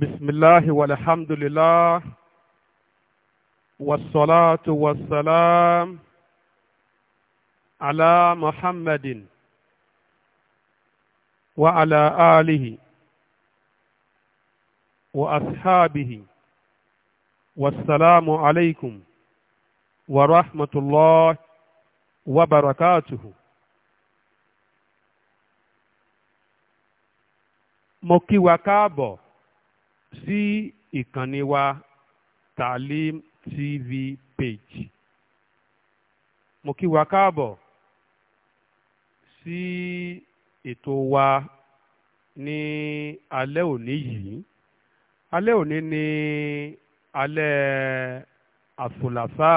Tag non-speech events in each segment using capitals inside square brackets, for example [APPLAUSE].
بسم الله والحمد لله والصلاة والسلام على محمد وعلى آله وأصحابه والسلام عليكم ورحمة الله وبركاته موكي وكابو sí ìkànnì wa Talim TV page mo kí wa káàbọ̀ sí ètò wa ní alẹ́ òní yìí alẹ́ òní ni alẹ́ àfùlàfà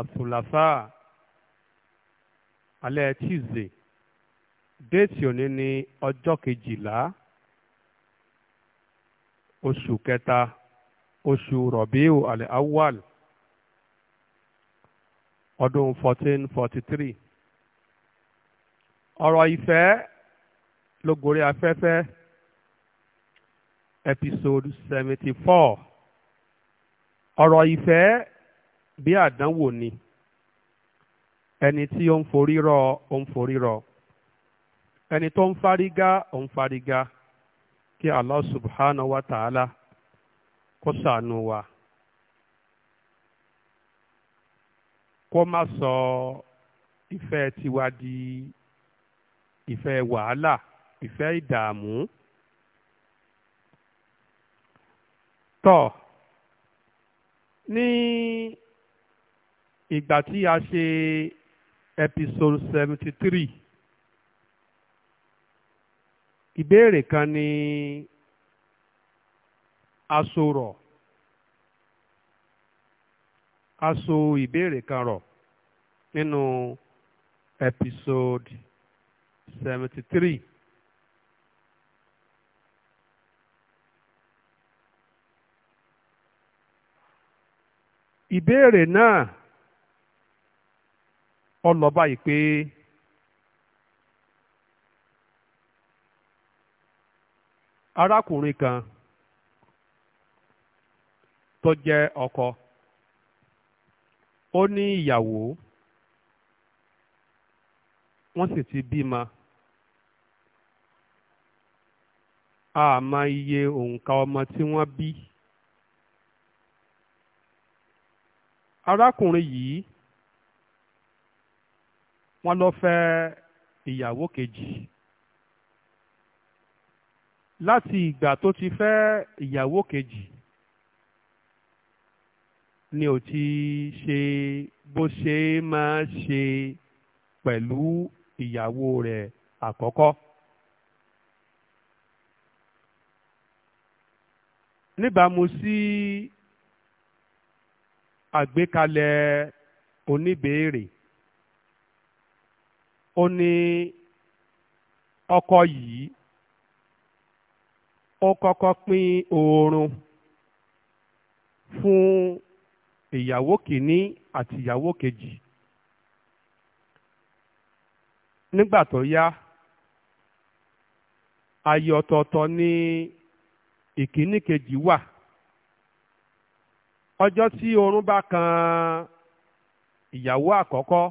àfùlàfà alẹ́ tíìzè déètì òní ni ọjọ́ kejìlá oṣù kẹta oṣù rọ̀bíù àlẹ́ awwal ọdún fourteen forty three ọ̀rọ̀ ìfẹ́ ló afẹ́fẹ́ episode 74 four ọ̀rọ̀ ìfẹ́ bí àdánwò ni ẹni tí ó ń forí rọ ó ń forí rọ ẹni tó ń farigá ó ń farigá kí Allah subhanahu wa ta'ala kó ṣàánú wa kó má sọ ìfẹ́ tiwa di ìfẹ́ wàhálà ìfẹ́ ìdààmú tọ́ ní ìgbà tí a ṣe episode seventy three ìbéèrè kan ní asorọ̀ aso ìbéèrè kan rọ̀ nínú episode seventy three. ìbéèrè náà ó lọ báyìí pé. arákùnrin kan tó jẹ́ ọkọ ó ní ìyàwó wọ́n sì ti bímọ àmọ́ iye òǹkà ọmọ tí wọ́n bí arákùnrin yìí wọ́n lọ fẹ́ ìyàwó kejì láti ìgbà tó ti fẹ́ ìyàwó kejì ni ò ti ṣe bó ṣe máa ṣe pẹ̀lú ìyàwó rẹ̀ àkọ́kọ́. níbàámu sí àgbékalẹ̀ oníbèèrè ó ní ọkọ yìí ó kọ́kọ́ pín oorun fún ìyàwó kìíní àti ìyàwó kejì nígbà tó yá ayé ọ̀tọ̀ọ̀tọ̀ ní ìkíní kejì wà ọjọ́ tí oorun bá kan ìyàwó àkọ́kọ́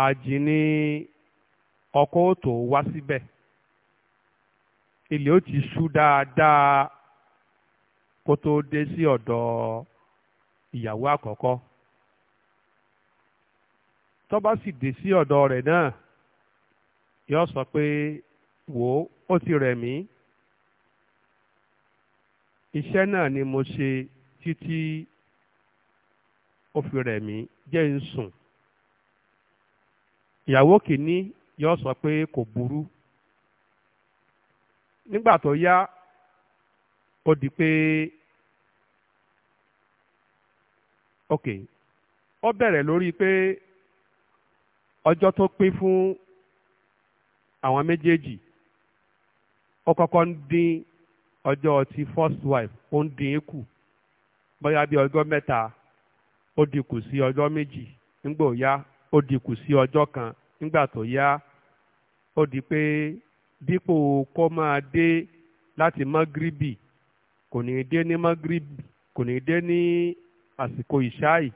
àjì ni ọkọ tó wá síbẹ̀. Si ilẹ̀ ó ti ṣú dáadáa kó tó dé sí ọ̀dọ̀ ìyàwó àkọ́kọ́ tó bá sì dé sí ọ̀dọ̀ rẹ̀ náà yóò sọ pé wò ó ó ti rẹ̀ mí iṣẹ́ náà ni mo ṣe títí ó fi rẹ̀ mí jẹ́ ń sùn ìyàwó kìíní yóò sọ pé kò burú nígbà tó yá ó di pé ok ó bẹ̀rẹ̀ lórí pé ọjọ́ tó pín fún àwọn méjèèjì ó kọ́kọ́ ń dín ọjọ́ ti first wife ó ń dín kù bóyá bí ọjọ́ mẹ́ta ó dínkù sí ọjọ́ méjì nígbà ó yá ó si sí ọjọ́ kan nígbà tó yá ó di pé dípò kó máa dé láti magribi kò ní dé ní magribi kò ní dé ní àsìkò ìṣáì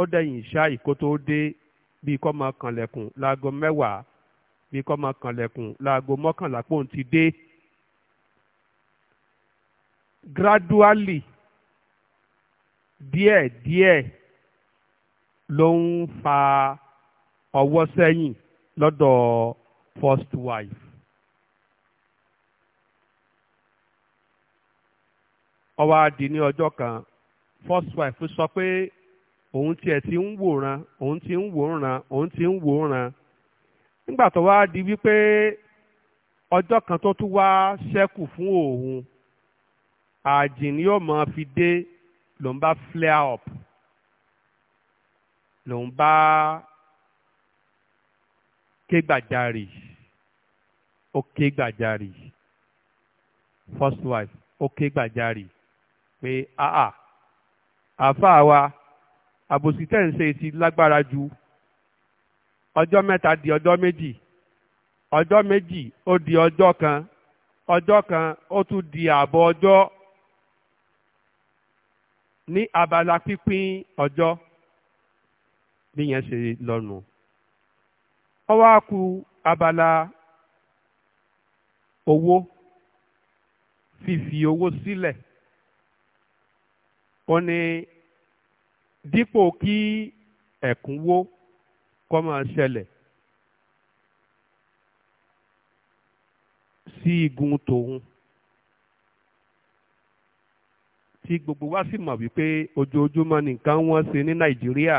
ó dẹ̀yìn ìṣáì kó tó dé bí kó máa kànlẹ̀kùn láago mẹ́wàá bí kó máa kànlẹ̀kùn láago mọ́kànlá pòun ti dé gradually díẹ̀díẹ̀ ló ń fa ọwọ́ sẹ́yìn lọ́dọ̀ first wife ó wá ní ọjọ́ kan first wife sọ pé òun tiẹ̀ ti ń wòran òun ti ń wòran òun ti ń wòran nígbà tó wá di wípé ọjọ́ kan tó tún wá ṣẹ́kù fún òun àjìn yóò mọ fi dé ló bá flare up ló ń bá ké gbàjarì ó ké gbàjarì first wife ó ké gbàjarì pé àà àáfàá wa àbòsí tẹ̀ ń ṣe ti lágbára ju ọjọ́ mẹ́ta di ọjọ́ méjì ọjọ́ méjì ó di ọjọ́ kan ọjọ́ kan ó tún di ààbọ̀ ọjọ́ ní abala pínpín ọjọ́ bí yẹn ṣe lọ́nu ó wá kù abala owó fífi owó sílẹ̀ ó ní dípò kí ẹ̀kúnwó kó máa ṣẹlẹ̀ sí igun tòun tí gbogbo wa sì mọ̀ wípé ojoojúmọ́ ni nǹkan wọ́n ṣe ní Nàìjíríà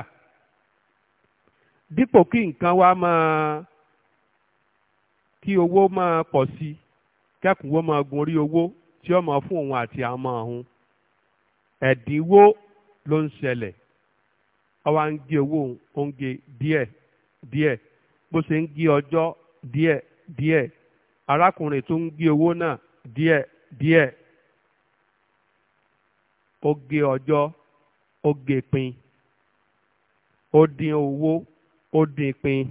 dípò kí nǹkan wa máa kí owó máa pọ̀ sí kẹ́kùnwó máa gun orí owó tí ó máa fún òun àti àwọn ọmọ òun ẹ̀dínwó ló ń ṣẹlẹ̀ àwa ń gé owó oúnjẹ díẹ̀ díẹ̀ bó ṣe ń gé ọjọ́ díẹ̀ díẹ̀ arákùnrin tó ń gé owó náà díẹ̀ díẹ̀ ó gé ọjọ́ pin ó dín owó pin.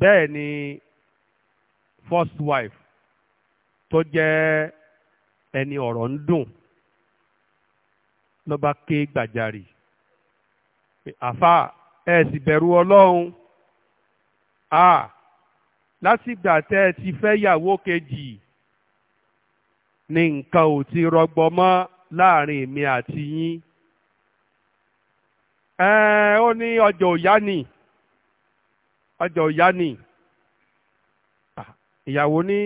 bẹ́ẹ̀ ni first wife tó jẹ ẹni ọ̀rọ̀ ń dùn ló bá ké gbàjarì àfa ẹ sì bẹ̀rù ọlọ́run a lásìgbà tẹ́ ẹ ti fẹ́ yàwó kejì ni nǹkan ò ti rọgbọ mọ láàrin mi àti yín ẹ ó ní ọjọ́ òyá ni ọjọ́ òyá ni ìyàwó ní.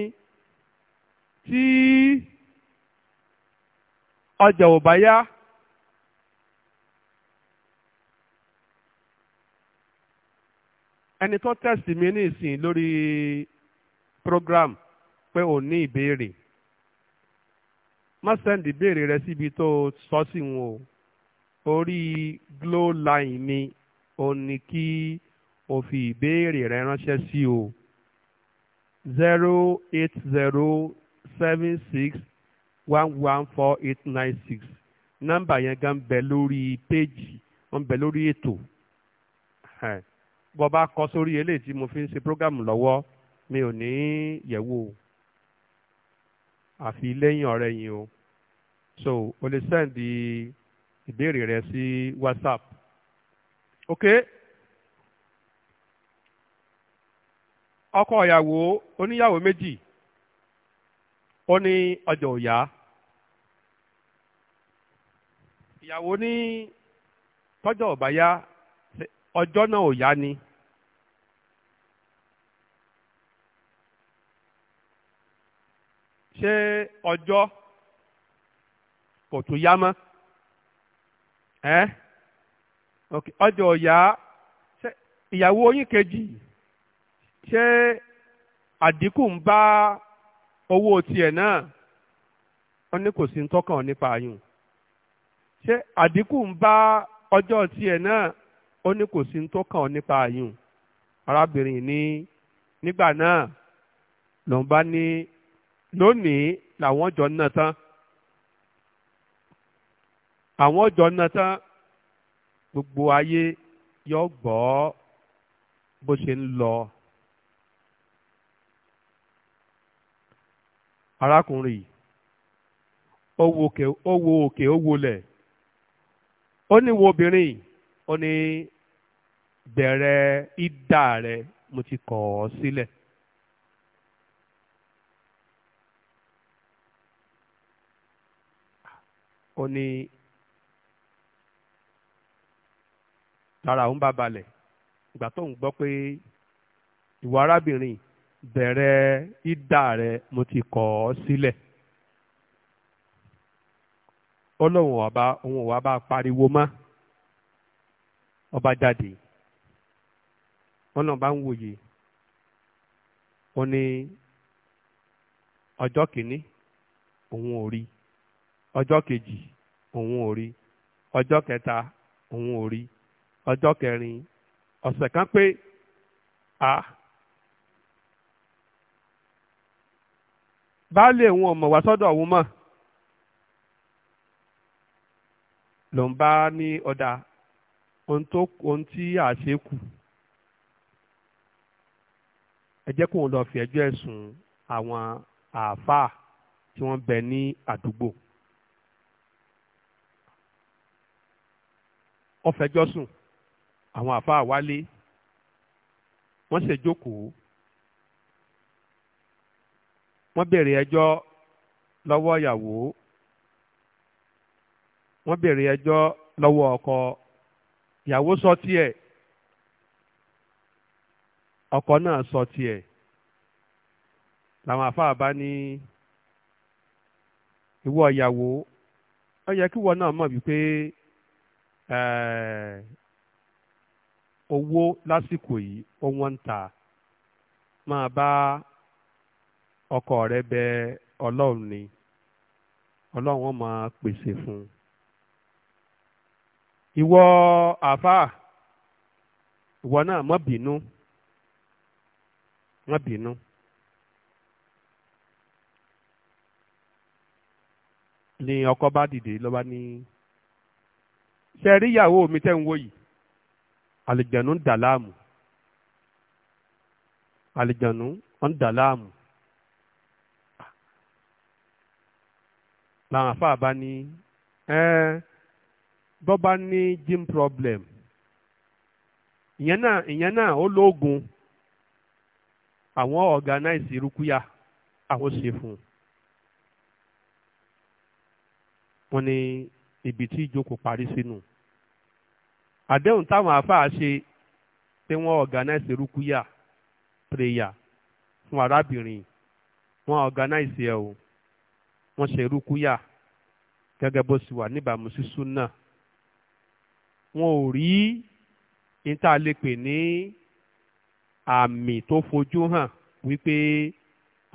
tí ọjà ò bá yá ẹni tó tẹ̀sì mi ní ìsìn lórí program pé ò ní ìbéèrè má sẹ́ndì ìbéèrè rẹ síbi tó sọ sí wọn o orí glow line mi ò ní kí o fi ìbéèrè rẹ ránṣẹ́ sí o zero eight zero seven six one one four eight nine six nọ́mbà yẹn gan bẹ lórí péjì wọ́n bẹ lórí ètò bọ́ bá kọ sórí eléyìí tí mo fi ń ṣe prógámù lọ́wọ́ mi ò ní yẹ̀wò àfi lẹ́yìn ọ̀rẹ́ yìí o so o lè sẹ́ndì ìbéèrè rẹ sí whatsapp ok ọkọ ìyàwó oníyàwó méjì. ó ní ọjà ò ìyàwó ní tọ́jọ́ ọ̀bá yá ọjọ́ náà ò yá ni. ṣé ọjọ́ kò tún yá mọ́ ẹ́ ọjọ́ ọ̀yá ìyàwó yín kejì ṣé àdínkù ń bá owó tiẹ̀ náà wọ́n ní kò sí tọ́kàn nípa ayùn ṣé àdínkù ń bá ọjọ́ tiẹ̀ náà ó ní kò sí tọ́kàn nípa ayùn arábìnrin ní nígbà náà lòun bá ní lónìí làwọn jọ ń ná tán àwọn jọ ń gbogbo ayé yọ gbọ́ bó ṣe ń lọ. arákùnrin yìí ó wo òkè ó òkè ó wolẹ̀ ó ní wo obìnrin mo ti kọọọ ọ́ o ó ní lára òun bá balẹ̀ ìgbà tó ń pé ìwà bẹ̀rẹ̀ ìdá rẹ mo ti kọ̀ ọ́ sílẹ̀ ó ọba òun wà bá pariwo mọ́ ọba jáde wọn náà bá ń wòye ó ní ọjọ́ kìíní òun ò rí ọjọ́ kejì òun ò rí ọjọ́ kẹta òun ò rí ọjọ́ kẹrin ọ̀sẹ̀ kan pé a. Ah, baálé òun ọmọ wá sọ́dọ̀ òun mọ̀ ló ń bá ní ọ̀dà ohun tó ohun tí àṣẹ kù ẹ jẹ́ kóun lọ́ọ́ fi ẹjọ́ ẹ̀sùn àwọn àáfàá tí wọ́n bẹ ní àdúgbò ó sùn àwọn àáfàá wálé wọ́n ṣèjókòó wọ́n bèrè ẹjọ́ lọ́wọ́ ìyàwó wọ́n bèrè ẹjọ́ lọ́wọ́ ọkọ ìyàwó sọ tiẹ̀ ọkọ náà sọ tiẹ̀ làwọn àfáà bá ní ìwọ ìyàwó ó yẹ kí ìwọ náà mọ̀ wípé eh, owó lásìkò yìí ó wọ́n ń ta máa bá ọkọ rẹ bẹ ọlọ́run ni ọlọ́run ó máa pèsè fún ìwọ àáfàá ìwọ náà má bínú má bínú. ni ọkọ bá dìde ló bá ní ṣe rí ìyàwó mi tẹ́ ń wò yìí àlìjẹ̀nu ń dà láàmú àlìjẹ̀nu ń dà láàmú làwọn àfáà bá ní bọ́ bá ní gym problem ìyẹn náà ìyẹn náà ó lóògùn àwọn organize rúkúyà àwọn ṣe fún un wọ́n ní ibi tí ìjókòó parí sínú àdéhùn táwọn àfáà ṣe pé wọ́n organize rúkúyà prayer fún arábìnrin wọ́n organize ẹ̀ o wọ́n ṣe rúkúyà gẹ́gẹ́ bó sì wà níbàámu sí súnà wọn ò rí ní tá a lè pè ní àmì tó fojú hàn wípé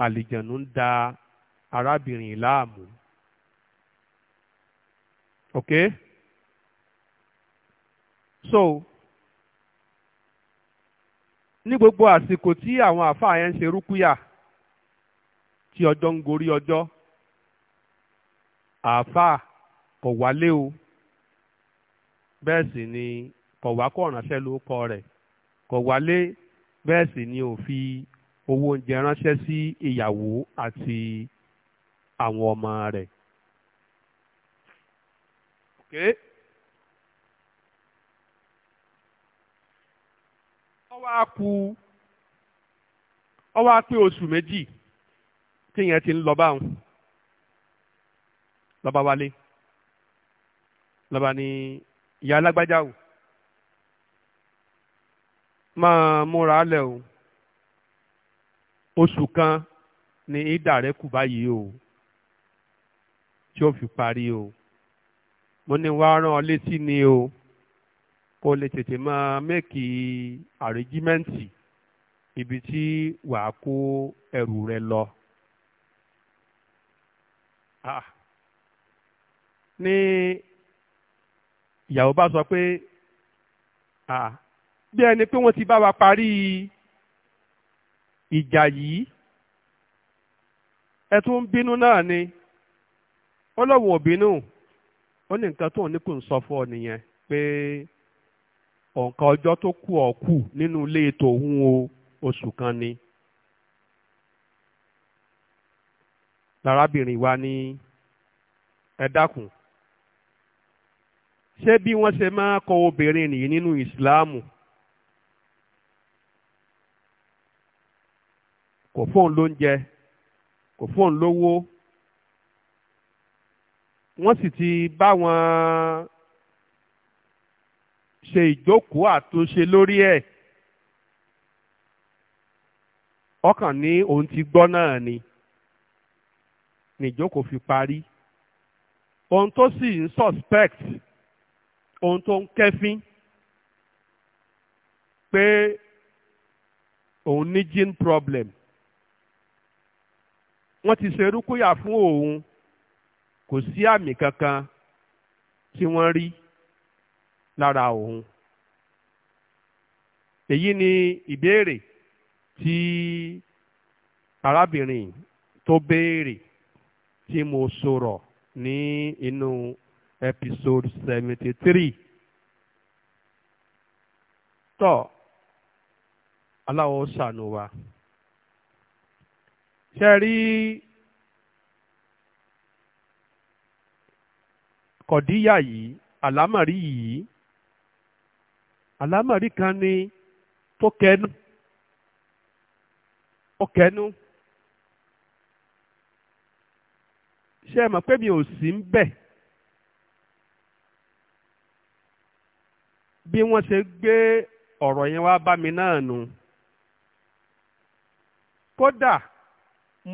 àlìjànú ń da arábìnrin láàmú ok so ní gbogbo àsìkò tí àwọn àfáà yẹn ń ṣe rúkúyà tí ọjọ́ ń gorí ọjọ́ àáfàá kò wálé o bẹ́ẹ̀ sì ni kò wá kó ránṣẹ́ ló kọ rẹ̀ kò wálé bẹ́ẹ̀ sì ni ò fi owó oúnjẹ ránṣẹ́ sí ìyàwó àti àwọn ọmọ rẹ̀. Okay. ó wá kù ó wá pé oṣù méjì tí yẹn ti ń lọ báwọn lọ́ba wálé lọ́ba ní ìyá alágbájá o máa múra lẹ̀ o oṣù kan ni ìdà rẹ kù báyìí o tí ó fi parí o mo ní wá rán ọ létí ni o kó lè tètè máa mẹ́kì àrègímẹ́ǹtì ibi tí wàá kó ẹrù rẹ lọ. Ah. ní ìyàwó bá sọ pé bí ẹni pé wọ́n ti bá wa parí ìjà yìí ẹ tún bínú náà ni ó lọ́wọ́ òbínú ó ní nǹkan tó ní kò ń sọ fún ọ nìyẹn pé ọ̀nkan ọjọ́ tó kú ọ̀ kù nínú ilé tòun o oṣù kan ni. lárábìnrin wa ní ẹ dákun ṣé bí wọ́n ṣe máa kọ obìnrin nìyí nínú ìsìláàmù kò fóun lóúnjẹ kò fóun lówó wọ́n sì ti bá wọn ṣe ìjókòó àtúnṣe lórí ẹ̀ ọkàn ní òun ti gbọ́ náà ni nìjókòó fi parí ohun tó sì ń suspect ohun tó ń kẹ́fín pé òun ní gene problem wọ́n ti ṣe rúkúyà fún òun kò sí àmì kankan tí wọ́n rí lára òun èyí ni ìbéèrè tí arábìnrin tó béèrè tí mo sọ̀rọ̀ ní inú episode seventy three tọ́ aláwọ̀ ṣàánú wa ṣe rí kọ̀díyà yìí àlámọ̀rí yìí àlámọ̀rí kan ni tó kẹnu ó kẹnu ṣe mọ̀ pé mi ò sí ń bẹ̀. bí wọ́n ṣe gbé ọ̀rọ̀ yẹn wá bá mi náà nù. kódà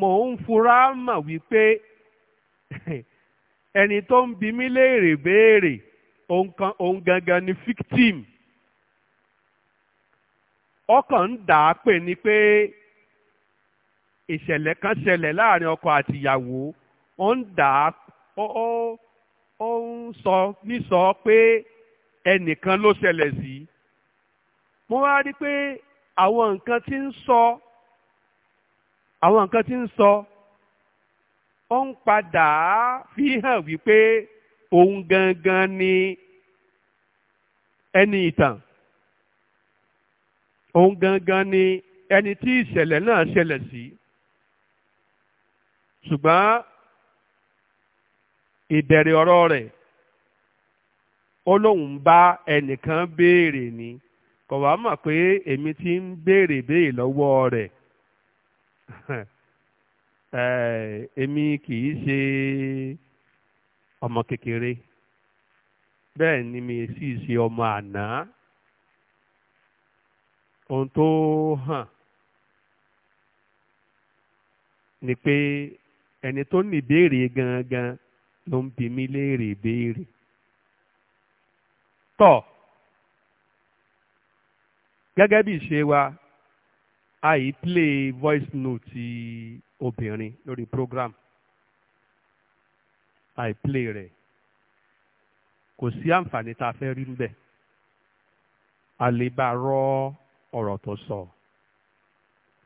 mò ń fura mà wípé [LAUGHS] ẹni tó ń bi mí léèrè béèrè òun gangan ni victim ọkàn ń dà á pè ní pé ìṣẹ̀lẹ̀ kan ṣẹlẹ̀ láàrin ọkọ àtìyàwó ó ń dà á ó ń sọ pé ẹnìkan ló ṣẹlẹ̀ sí mo wá rí pé àwọn nǹkan tí ń sọ àwọn nǹkan tí ń sọ ó ń padà fi hàn wípé òun gangan ni ẹni ìtàn òun gangan ni ẹni tí ìṣẹ̀lẹ̀ náà ṣẹlẹ̀ sí ṣùgbọ́n ìbẹ̀rẹ̀ ọ̀rọ̀ rẹ̀ ó lóun bá ẹnìkan béèrè ni kò wá mọ̀ pé èmi ti ń béèrè béèrè lọ́wọ́ rẹ̀ [LAUGHS] èmi kì í ṣe ọmọ kékeré bẹ́ẹ̀ ni mi sì ṣe ọmọ àná ohun tó hàn ni pé ẹni tó ní ìbéèrè gangan ló ń bi mí léèrè ìbéèrè. tọ̀ gẹ́gẹ́ bí ìṣe wa àì play voice note obìnrin lórí program àì play rẹ̀ kò sí àǹfààní tá a fẹ́ rí níbẹ̀ a lè bá a rọ ọ̀rọ̀ tó sọ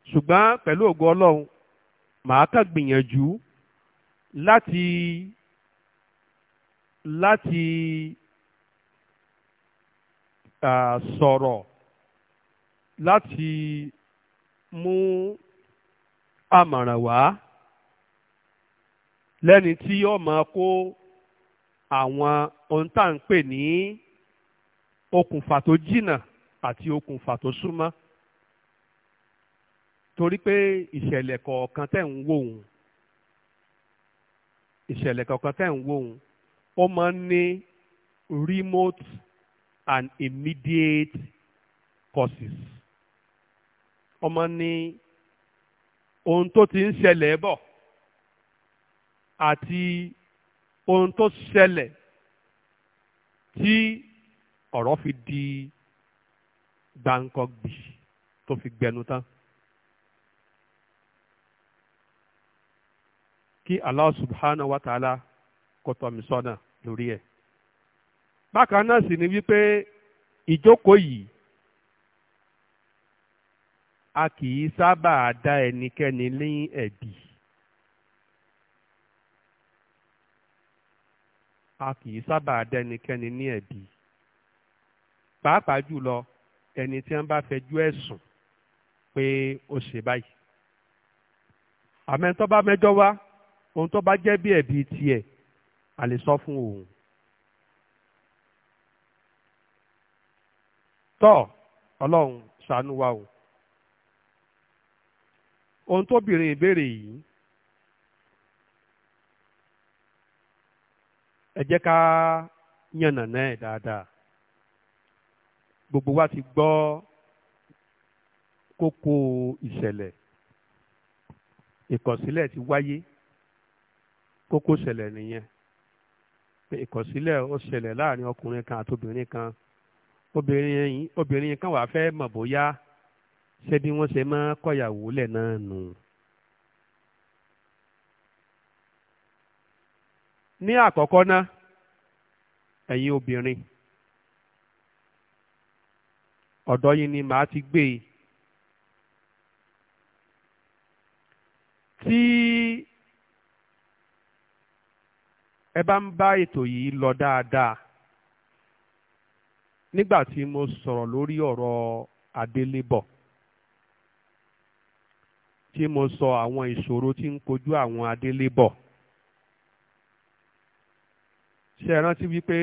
ṣùgbọ́n pẹ̀lú ògo ọlọ́run màá kàn gbìyànjú láti láti sọ̀rọ̀ láti mú àmọ̀ràn wá lẹ́ni tí yóò máa kó àwọn ohun tá à ń pè ní okùnfà tó jìnnà àti okùnfà tó súnmọ́ torí pé ìṣẹ̀lẹ̀ kọ̀ọ̀kan tẹ̀ ń wò ìṣẹ̀lẹ̀ kọ̀ọ̀kan tẹ̀ ń wò ó máa ń ní remote and immediate causes. ọmọ ní ohun tó ti ń ṣẹlẹ̀ bọ̀ àti ohun tó ṣẹlẹ̀ tí ọ̀rọ̀ fi di gbàǹkọ̀gbì tó fi gbẹnu tán. kí Allah subhanahu wa ta'ala kó tọ́ mi sọ́nà lórí ẹ̀ bákan náà sì ni wípé ìjókòó yìí a kì í sábà dá ẹnikẹ́ni ní ẹ̀bi a kì í sábà dá ẹnikẹ́ni ní ẹ̀bi pàápàá jùlọ ẹni tí wọ́n bá fẹjú ẹ̀sùn pé ó ṣe báyìí àmẹ́ńtọ́ bá mẹ́jọ wá ohun tó bá jẹ́ bí ẹ̀bi tiẹ̀ a sọ fún òun tọ́ ọlọ́run ṣàánú wa o ohun tó bìrì ìbéèrè yìí ẹ jẹ́ ká yànnàná náà dáadáa gbogbo wa ti gbọ́ kókó ìṣẹ̀lẹ̀ ìkọ̀sílẹ̀ ti wáyé kókó ìṣẹ̀lẹ̀ nìyẹn ìkọ̀sílẹ̀ ó ṣẹlẹ̀ láàrin ọkùnrin kan àti obìnrin kan. obìnrin obìnrin kan wàá fẹ́ mọ̀ bóyá ṣé bí wọ́n ṣe máa kọ̀yàwó lẹ̀ náà nù. ní àkọ́kọ́ ná ẹ̀yin obìnrin ọ̀dọ̀ yín ni màá ti gbé e. tí ẹ bá ń bá ètò yìí lọ dáadáa nígbà tí mo sọ̀rọ̀ lórí ọ̀rọ̀ adélébọ̀ tí mo sọ àwọn ìṣòro tí ń kojú àwọn adélébọ̀ ṣe é rántí wípé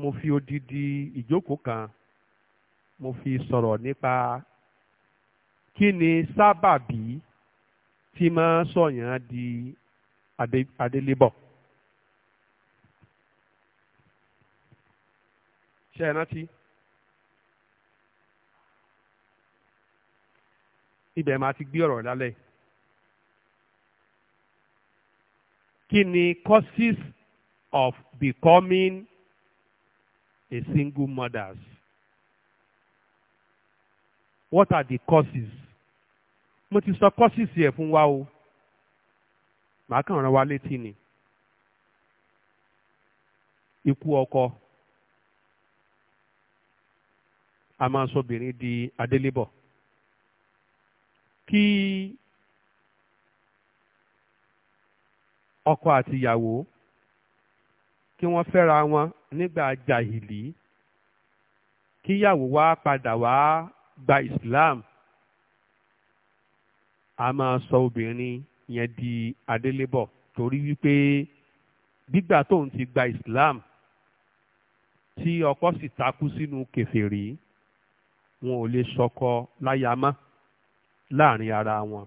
mo fi odidi ìjókòó kan mo fi sọ̀rọ̀ nípa kí ni sábàbí tí máa sọ̀yàn di adélébọ̀. Ade, ṣe ibẹ̀ máa ti gbé ọ̀rọ̀ lálẹ́. kí ni causes of becoming a single mother. what are the causes? mo ti sọ causes yẹ fún wa o màá kàn rán wa létí ni ikú ọkọ a máa sọ obìnrin di adélébọ̀ kí ọkọ àti ìyàwó kí wọ́n fẹ́ra wọn nígbà jàhìlì kíyàwó wá padà wá gba Islam a máa sọ obìnrin yẹn di adélébọ̀ torí wípé gbígbà tóun ti gba Islam tí ọkọ sì takú sínú kèfèrí wọn ò lè sọkọ láya mọ́ láàrin ara wọn